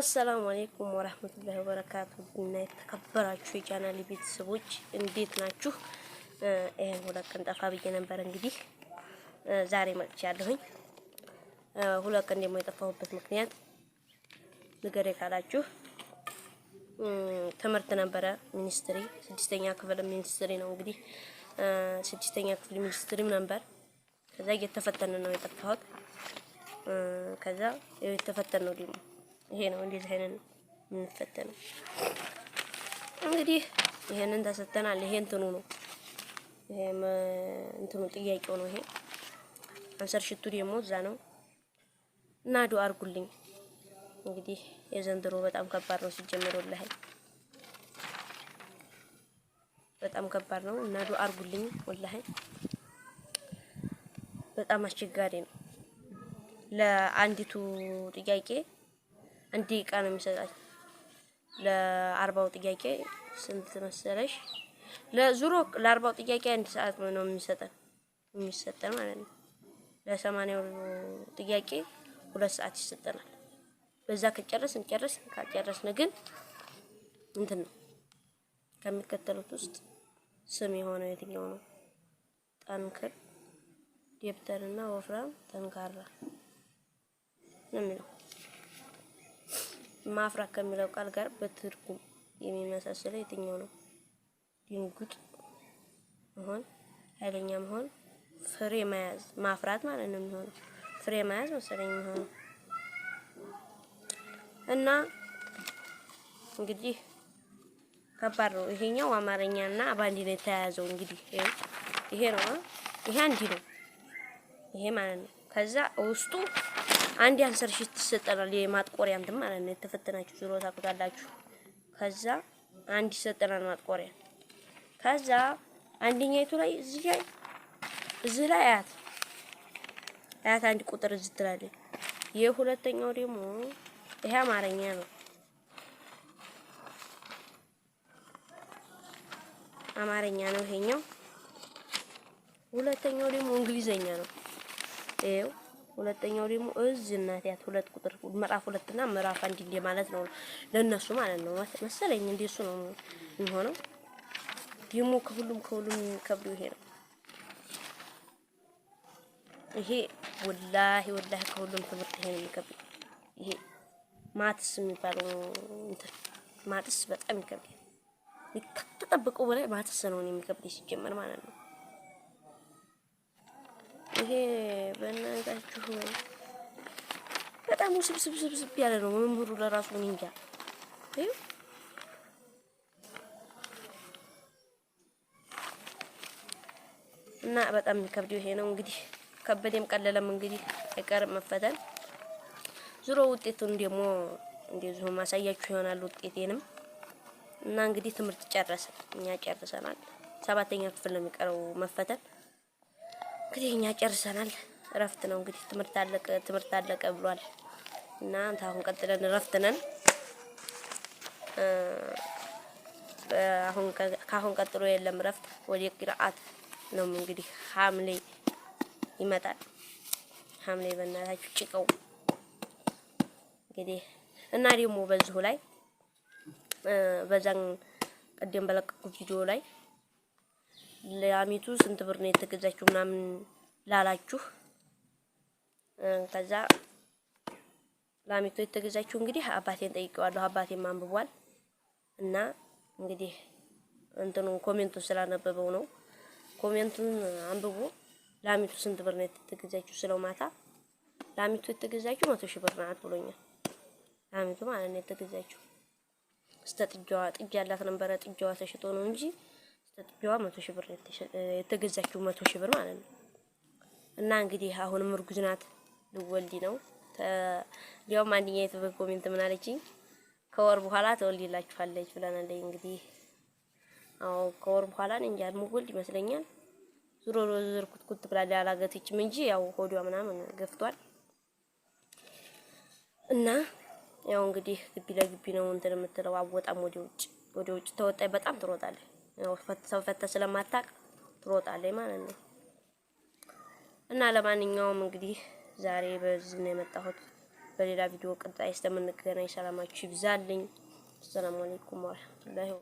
አሰላሙ አሌይኩም ወረህመቱላሂ ወበረካቱ እና የተከበራችሁ የቻናል ቤተሰቦች እንዴት ናችሁ? ይህን ሁለት ቀን ጠፋ ብዬ ነበር። እንግዲህ ዛሬ መጥቻለሁኝ። ሁለት ቀን ደግሞ የጠፋሁበት ምክንያት ንገሬ ካላችሁ ትምህርት ነበረ። ሚኒስትሪ ስድስተኛ ክፍል ሚኒስትሪ ነው እንግዲህ ስድስተኛ ክፍል ሚኒስትሪም ነበር። ከዛ እየተፈተነ ነው የጠፋሁት። ከዛ የተፈተን ነው ደግሞ ይሄ ነው። እንደዚህ አይነት የምንፈተነው። እንግዲህ ይሄንን ተሰተናል። ይሄ እንትኑ ነው። ይሄ እንትኑ ጥያቄው ነው። ይሄ አንሰር ሽቱ ደግሞ እዛ ነው እና ዱአ አድርጉልኝ። እንግዲህ የዘንድሮ በጣም ከባድ ነው ሲጀምር ወላሂ በጣም ከባድ ነው እና ዱአ አድርጉልኝ። ወላሂ በጣም አስቸጋሪ ነው ለአንዲቱ ጥያቄ አንድ ደቂቃ ነው የሚሰጣች። ለአርባው ጥያቄ ስንት መሰለሽ? ለዙሮ ለአርባው ጥያቄ አንድ ሰዓት ነው የሚሰጠን የሚሰጠን ማለት ነው። ለሰማንያው ጥያቄ ሁለት ሰዓት ይሰጠናል። በዛ ከጨረስን ጨረስን፣ ካጨረስን ግን እንትን ነው ከሚከተሉት ውስጥ ስም የሆነው የትኛው ነው? ጠንክር፣ ደብተርና ወፍራም፣ ጠንካራ ነው የሚለው ማፍራት ከሚለው ቃል ጋር በትርጉም የሚመሳሰለው የትኛው ነው? ድንጉጥ መሆን፣ ኃይለኛ መሆን፣ ፍሬ መያዝ፣ ማፍራት ማለት ነው የሚሆነው። ፍሬ መያዝ መሰለኝ የሚሆነው እና እንግዲህ ከባድ ነው ይሄኛው። አማርኛና በአንድ ላይ የተያያዘው እንግዲህ ይሄ ነው። ይሄ አንድ ነው ይሄ ማለት ነው። ከዛ ውስጡ አንድ አንሰር ሺት ይሰጠናል። የማጥቆሪያ እንትን ማለት ነው። የተፈተናችሁ ዙሮ ታውቁታላችሁ። ከዛ አንድ ይሰጠናል ማጥቆሪያ። ከዛ አንደኛይቱ ላይ እዚህ ላይ እዚህ ላይ አያት አያት አንድ ቁጥር እዚህ ትላለች። የሁለተኛው ደግሞ ይሄ አማርኛ ነው። አማርኛ ነው ይሄኛው። ሁለተኛው ደግሞ እንግሊዘኛ ነው ይሄው ሁለተኛው ደግሞ እዝ እናትያት ሁለት ቁጥር ምዕራፍ ሁለት እና ምዕራፍ አንድ እንደ ማለት ነው ለነሱ ማለት ነው መሰለኝ። እንደሱ ነው የሚሆነው። ደግሞ ከሁሉም ከሁሉም ከብዱ ይሄ ነው። ይሄ ወላሂ ወላሂ ከሁሉም ትምህርት ይሄ ነው የሚከብደው። ይሄ ማትስ የሚባለው እንትን ማትስ በጣም ይከብዳል። ከተጠብቀው በላይ ማትስ ነው የሚከብደው ሲጀመር ማለት ነው። ይሄ በእናታችሁ በጣም ውስብስብስብስብ ያለ ነው። መምህሩ ለራሱ እንጃ እና በጣም የሚከብድ ይሄ ነው። እንግዲህ ከበደም ቀለለም እንግዲህ አይቀርም መፈተን። ዙሮ ውጤቱን ደግሞ እንደዚሁ ማሳያችሁ ይሆናል። ውጤቴንም እና እንግዲህ ትምህርት ጨረሰ፣ እኛ ጨርሰናል። ሰባተኛ ክፍል ነው የሚቀረው መፈተን። እንግዲህ እኛ ጨርሰናል። እረፍት ነው እንግዲህ ትምህርት አለቀ ትምህርት አለቀ ብሏል እና አሁን ቀጥለን እረፍት ነን። አሁን ከአሁን ቀጥሎ የለም እረፍት፣ ወደ ቅርአት ነው እንግዲህ ሐምሌ ይመጣል። ሐምሌ በእናታችሁ ጭቀው እንግዲህ እና ደግሞ በዚሁ ላይ በዛን ቀደም በለቀቁት ቪዲዮ ላይ ለአሚቱ ስንት ብር ነው የተገዛችሁ ምናምን ላላችሁ ከዛ ለአሚቱ የተገዛችሁ እንግዲህ አባቴን ጠይቀዋለሁ። አባቴም አንብቧል እና እንግዲህ እንትኑ ኮሜንቱ ስላነበበው ነው። ኮሜንቱን አንብቦ ለአሚቱ ስንት ብር ነው የተገዛችሁ ስለው ማታ ለአሚቱ የተገዛችሁ መቶ ሺህ ብር ናት ብሎኛል። ለአሚቱ ማለት ነው የተገዛችሁ ስተ ጥጃዋ ጥጃ ያላት ነበረ። ጥጃዋ ተሽጦ ነው እንጂ ጥጥቢዋ መቶ ሺህ ብር የተገዛችው መቶ ሺህ ብር ማለት ነው። እና እንግዲህ አሁንም እርጉዝ ናት፣ ልወልድ ነው። እንዲያውም አንደኛ የትብር ኮሜንት ምን አለችኝ? ከወር በኋላ ተወልድላችኋለች ብለናለች። እንግዲህ አዎ ከወር በኋላ ነው እንጂ አልሞወልድ ይመስለኛል። ዙሮ ዙር ኩትኩት ብላ አላገተችም እንጂ ያው ሆዷ ምናምን ገፍቷል። እና ያው እንግዲህ ግቢ ለግቢ ነው እንትን የምትለው አወጣም ወደ ውጭ ወደ ውጭ ተወጣይ በጣም ትሮጣለች። ሰው ፈተ ስለማታቅ ትሮጣለች ማለት ነው። እና ለማንኛውም እንግዲህ ዛሬ በዚህ ነው የመጣሁት። በሌላ ቪዲዮ ቀጣይ እስከምንገናኝ ሰላማችሁ ይብዛልኝ። አሰላሙ አለይኩም ወራህመቱላሂ